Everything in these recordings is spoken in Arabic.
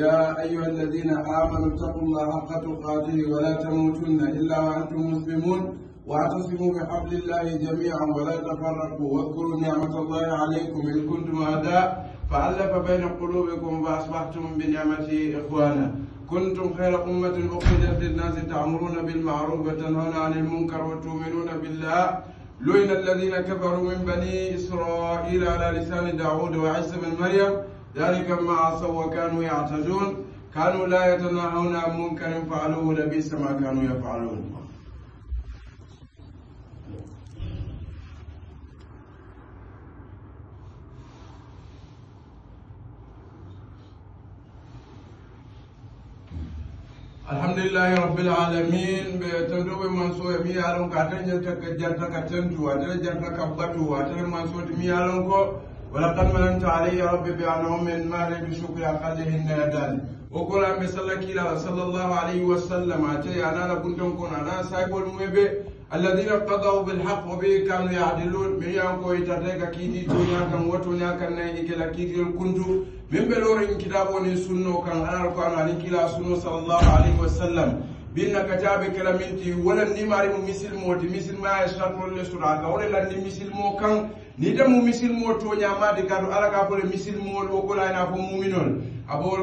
يا أيها الذين آمنوا اتقوا الله حق تقاته ولا تموتن إلا وأنتم مسلمون واعتصموا بحبل الله جميعا ولا تفرقوا واذكروا نعمة الله عليكم إن كنتم أداء فألف بين قلوبكم فأصبحتم بنعمته إخوانا كنتم خير أمة أخرجت للناس تأمرون بالمعروف وتنهون عن المنكر وتؤمنون بالله لئن الذين كفروا من بني إسرائيل على لسان داود وعيسى بن مريم ذلك ما عصوا وكانوا يعتدون كانوا لا يتناهون عن منكر فعلوه لبئس ما كانوا يفعلون الحمد لله رب العالمين بتدوب من سوء ميالون كاتن جرتك جرتك تنتو واتر جرتك بطو من سوء ميالون كو ولقد مننت علي ربي بأن أم المال بشكر قدرهن يدان وقول أمي صلى الله عليه وسلم أتي أنا لكنت كن أنا سايب المبي الذين قضوا بالحق وبه كانوا يعدلون من يانكو يتدرك كيدي تونيا كان وتونيا كان نيجي لكيدي الكنت من بلور كتابوني سنو كان أنا لكو أنا كلا سنو صلى الله عليه وسلم بينا كتابي كلامينتي ولا ني ماري مو ميسيل ما يشاط لون لسورا غاوري لا ني كان ني دمو ميسيل مو تو على كابور ميسيل مو لو كولا نا بو مومينول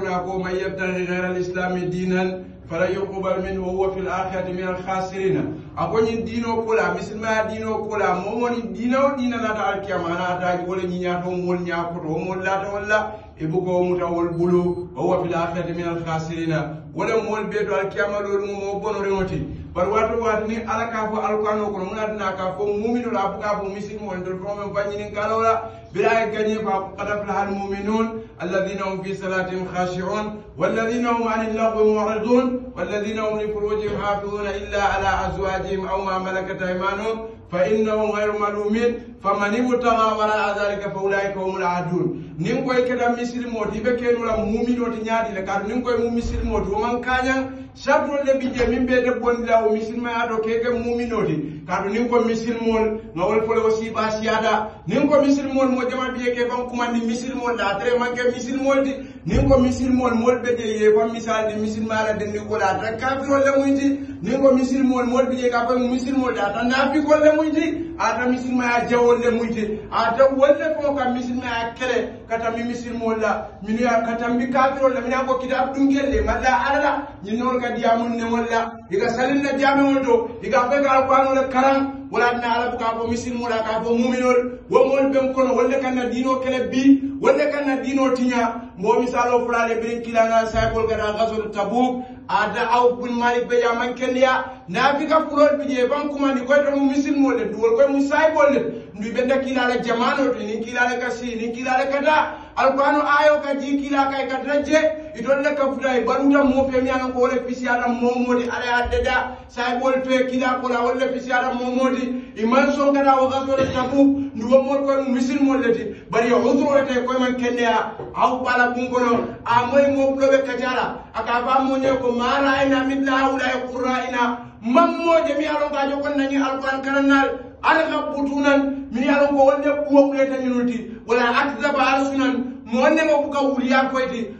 كنا كو ما يبدا غير الاسلام دينا فلا يقبل منه وهو في الاخره من الخاسرين akoñin diino kola misilmaya diino kula momonin diina o diina nata alkiyama anataji wala ñiñato mol ñakoto omol lata walla e bugo omuta wol bulu owa fil akhirati min alkhasirina wala mol be to alkiyama lol mum bono bonoreŋo ti bar wato ni ala ka fo alkano kono munatina ka fo mumino la buka fo misilmol dol fome bañinin kalola بلا يكني فقد أفلح المؤمنون الذين هم في صلاتهم خاشعون والذين هم عن اللغو معرضون والذين هم لفروجهم حافظون إلا على أزواجهم ሐኪም አው ማ መለከት ሃይማኖት فإنهم غير ملومين فمن ابتغى وراء ذلك فأولئك هم العادون نين كوي كدا مسلم ودي بكين ولا مؤمن ودي نيادي لكار نين كوي مسلم ودي ومن كانيا شابرو لبي جمين بيد بون لا ومسلم ادو كيك مؤمن ودي كار نين كوي مسلم مول نول فلو وسي باسيادا نين كوي مسلم مول مو جما بيه كي فان كومان دي مسلم مول دا تري مان كي مسلم مول دي نين كوي مسلم مول مول بيد يي فان مثال دي مسلم على دني كولا دا كافر ولا مويتي نين كوي مسلم مول مول بيد كافر مسلم مول دا نافي كولا muyti ada misilmaya jawolle muyti ada wolle fo ka misilmaya kele katami misilmolla minuya katambi kafirolla mina ko kitab ɗungelle malla alala ñinnol ka diyamun ne wolla iga salinna diyameol to iga fe ka alkuranole karan walaɗna alabu ka fo misilmola ka fo muminol womol ɓen kono wolle kanna dino kele bi wolle kanna dino tiña mo misalo fulale birin kilanga saykol gata gasol tabuk ada aw buñ maari beja man kenniya naabi ga fulol bi ñe ban kumandi koy to musil mo le duwol koy musay bol le ndu be nda kilala jamano ni kilala ka si ni kilala ka da alquran ayo ka ji kilala ka ka je idolle kafuta e baruda mope miyana ko wole fisiyaram momodi ara ya deda saye ɓol to e kiɗa kola wolle fisiyaram momodi iman songata o gasole tafu nduwomol koye mum misil molleti bari yo hudrorete koye man kenne a haw ɓala gunkono a moye moɓloɓe kadiala aka fa moñoy ko mara ina min lawula e qurra ina mammoje mi yalon kajo kon nañi alquran karannal alhabbutunan min yalon ko wonne ɓuwoɓuleta ñinuti wala atdaba arsunan mo wonne mo buka wuriya koyti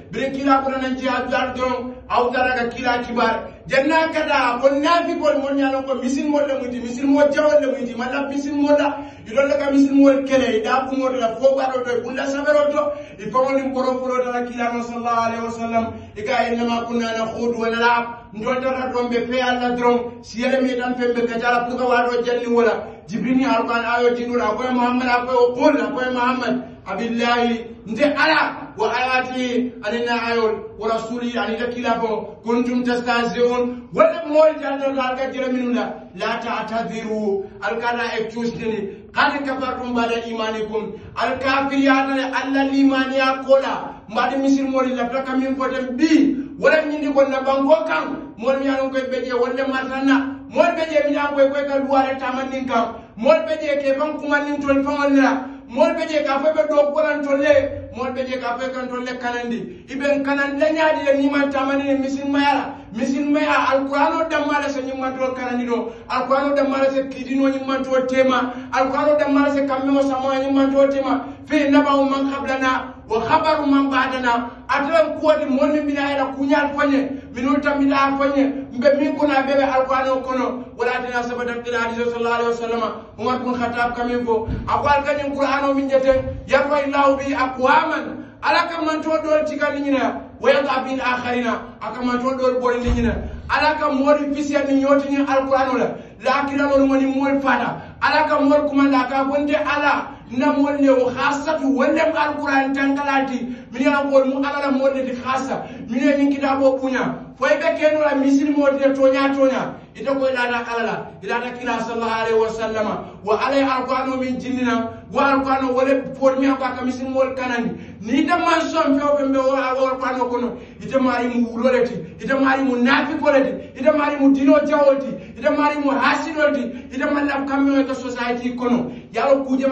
bire kila kono nan jiya dal don aw kila kibar janna kada ko nafi bol mon nyalo ko misil mo le muti misil mo jawol le muti mala misil mo la idol la misil mo kele da ko mo la fo ba do do bunda sabero to i ko mo lim koro koro dala kila mo sallallahu alaihi wasallam e ga inna ma kunna na khud wa nalab ndol dara don be fe alla drom siyere mi dan fembe ka jara pour ka wado janni wala jibrini alquran ayo tinura ko muhammad ko ko ko muhammad abillahi nde ala wa ayati ani naayol wa rasuli ani dakilabo kuntum tastaziun wala moy janno ka ga jere minula la ta'tadiru alkana excuseni qad kafartum ba'da imanikum alkafiriyana alla imaniya kola mbadi misir mori la taka min botem bi wala nyindi ko na bango kan mol mi anon koy beje wala martana mol beje mi an koy koy ka duware tamandin kan mol beje ke ban nin tol fangol mol be je ka fo ɓe be dookukolantol le mol be je ka fo i kantol le kanandi i kanan n kanandila ñaadi le niiman tamani ni misilmaya la misilmaya alkurano damma la se ñimmantoo kanandi do alkurano damma se kiidinoo ñimmantoo tema alkurano damma la se kammeŋo samoya ñimmantoo tema fe nabaŋo man qablana wa habaru man badana atelan kuwadi mol min mbina a yela kuñaal fo ñe minolu ɓe min kona ɓeɓe alqur'an o kono wala dina ila hadise sallah alaihi wa sallama umar bun khattab kamin fo ako alkañin qur'an min jeten yarfa illahu bi aqwaman ala kamanto ɗol tika liñina wayada bil akharina akamanto ɗol ni liñina ala ka fisya ni ñootini ni o la mo woni mool fada ala ka kuma kumanda ka bonde ala na namolle o hasatu wallem alqur'an tankalati min ko mu mo molle di hasa minen min kitabo kunya. koye ɓe kenola misilimoɗine toña toña ite ko ilata kalala ilata kila sallallahu alaihi wa sallama wa alay alqur'ano min jindina wa alqur'ano wala formi an ka misilmol kanandi ni ite man son fewo ɓe mbe o alqur'ano kono ite mari mu wuloleti ite mari mu nafikoleti ite mari mu dino jawolti ite mari mu hasinolti ite mallaf kamɓe to society kono yalo kuje